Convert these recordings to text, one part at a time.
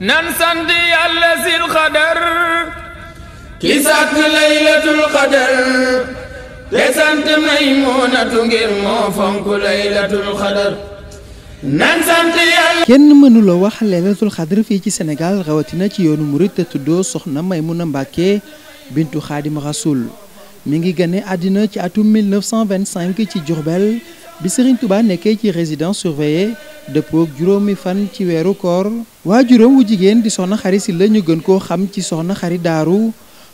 nan sant kenn mënula wax laylatul xadar fii ci senegal rawatina ci yoonu murit te tuddoo soxna Maymuna Mbàkke bintu Xaadim Rasul mi ngi gane àddina ci atum 1925 ci Jurbel bi Serigne Touba nekkee ci résidence surveillée dëppook juróomi fan ci weeru koor waa juróom wu jigéen di soxna xari si la ñu gën koo xam ci soxna xari daaru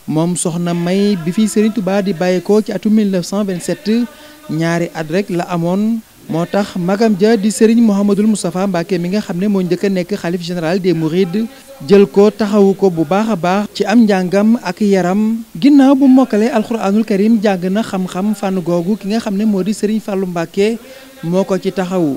moom soxna may bi fi Serigne Touba di ko ci atum 1927 ñaari at rek la amoon moo tax magam ja di Serigne Mouhamadul Moustapha Mbacke mi nga xam ne moo njëkk a nekk xalif général des Mourides jël ko taxawu ko bu baax a baax ci am njàngam ak yaram ginnaaw bu mokkale alxuraanul karim jàng na xam-xam fànn googu ki nga xam ne moo di sëriñ Fàllu Mbàkke moo ko ci taxawu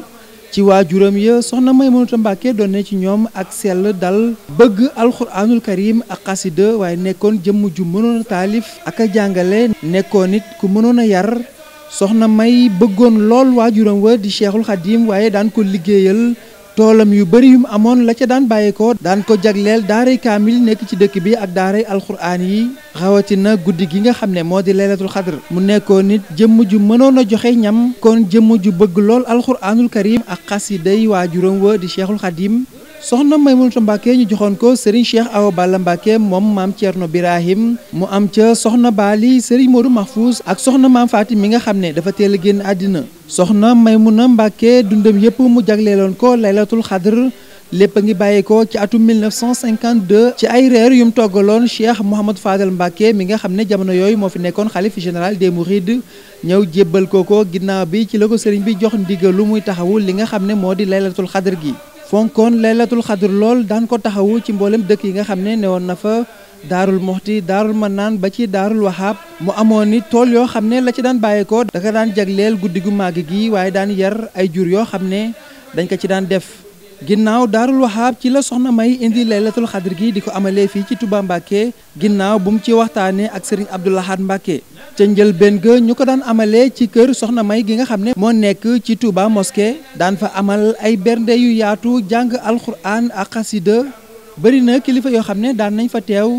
ci waa waajuram ya soxna Maymunata Mbàkke doon ne ci ñoom ak sell dal bëgg alxuraanul karim ak xasida waaye nekkoon jëmm ju mënoon taalif ak a jàngale nekkoon it ku mënoon a yar soxna may bëggoon lool waajuram wa di Cheikhul Xadim waaye daan ko liggéeyal toolam yu bëri yum amoon la ca daan bàyyeekoo daan ko jagleel daaray kaamil nekk ci dëkk bi ak daaray alxuraan yi rawatina guddi gi nga xam ne moo di laylatul xadr mu nekkoon nit jëmm ju mënoon a joxe ñam kon jëmm ju bëgg lool alxuraanul karim ak xas yi day waajuram wa di cheikhul xadim soxna may Maymunatu Mbàkke ñu joxoon ko Serigne Cheikh Awa Balla Mbàkke moom maam Thierno Birahim mu am ca soxna Baali Serigne Modou Mahfouz ak soxna maam Faati mi nga xam ne dafa teel a génn àddina soxna may Maymuna Mbàkke dundam yépp mu jagleeloon ko laylatul xadr lépp a ngi bàyyi ko ci atum 1952 ci ay reer yu mu toggaloon Cheikh Mouhamadou Fadel Mbacke mi nga xam ne jamono yooyu moo fi nekkoon xalif général des Mourides ñëw jébbal ko ko ginnaaw bi ci la ko sëriñ bi jox ndigal lu muy taxawul li nga xam ne moo di laylatul xadr gi. fonkoon laylatul xadr lool daan ko taxawu ci mboolem dëkk yi nga xam ne woon na fa daarul moxti daarul ma naan ba ci daarul waxaab mu amoon ni tool yoo xam ne la ci daan bàyyeekoo danga daan jagleel guddi gu màgg gi waaye daan yar ay jur yoo xam ne dañ ko ci daan def ginnaaw daarul waxaab ci la soxna may indi laylatul xadr gi di ko amalee fii ci tubaa Mbacke ginnaaw bu mu ci waxtaanee ak Serigne Abdoul Ahad Mbacke ca njëlbéen ga ñu ko daan amalee ci kër soxna May gi nga xam ne moo nekk ci Touba mosquée daan fa amal ay bernde yu yaatu jàng alxuraan ak xasida bëri na kilifa yoo xam ne daan nañ fa teew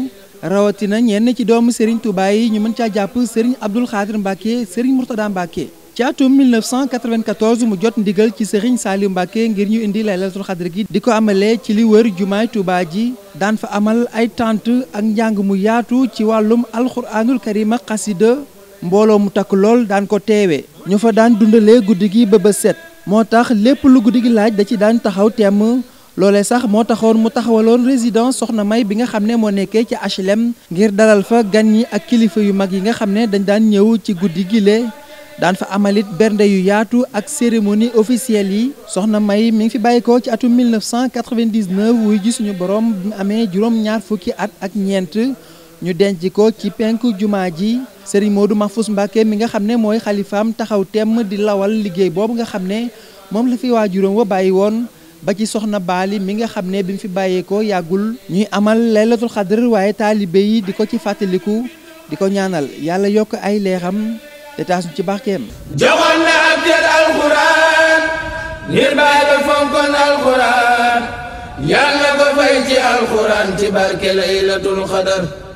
rawatina ñenn ci doomu Serigne Touba yi ñu mën caa jàpp Serigne Abdoul Khadir Mbacke Serigne Mourtada Mbacke ci atum 1994 mu jot ndigal ci sëriñ Saliou ngir ñu indi laylatul xadr gi di ko amalee ci li wër jumaay Touba ji daan fa amal ay tànt ak njàng mu yaatu ci wàllum alxuraanul karima xasida mbooloo mu takk lool daan ko teewee ñu fa daan dundalee guddi gi ba ba set moo tax lépp lu guddi gi laaj da ci daan taxaw temm loole sax moo taxoon mu taxawaloon résident soxna may bi nga xam ne moo nekkee ci HLM ngir dalal fa gan yi ak kilifa yu mag yi nga xam ne dañ daan ñëw ci guddi gile daan fa amalit bernde yu yaatu ak cérémonie officielle yi soxna May mi ngi fi bàyyikoo ci atum 1999 wuy ji suñu borom bi mu amee juróom-ñaar fukki at ak ñeent ñu denc ko ci penk jumaa ji moo du Modou Mahfous Mbacké mi nga xam ne mooy xalifaam taxaw temm di lawal liggéey boobu nga xam ne moom la fi juróom wa bàyyi woon ba ci soxna baali mi nga xam ne bi mu fi bàyyeekoo yàggul ñuy amal laylatul xadr waaye taalibe yi di ko ci fàttaliku di ko ñaanal yàlla yokk ay leexam te taas ñu ci barkeem joxoon na ab cër alxuraan ngir baay ba fonkoon alxuraan yàlla ko fay ci alxuraan ci barke laylatul xadar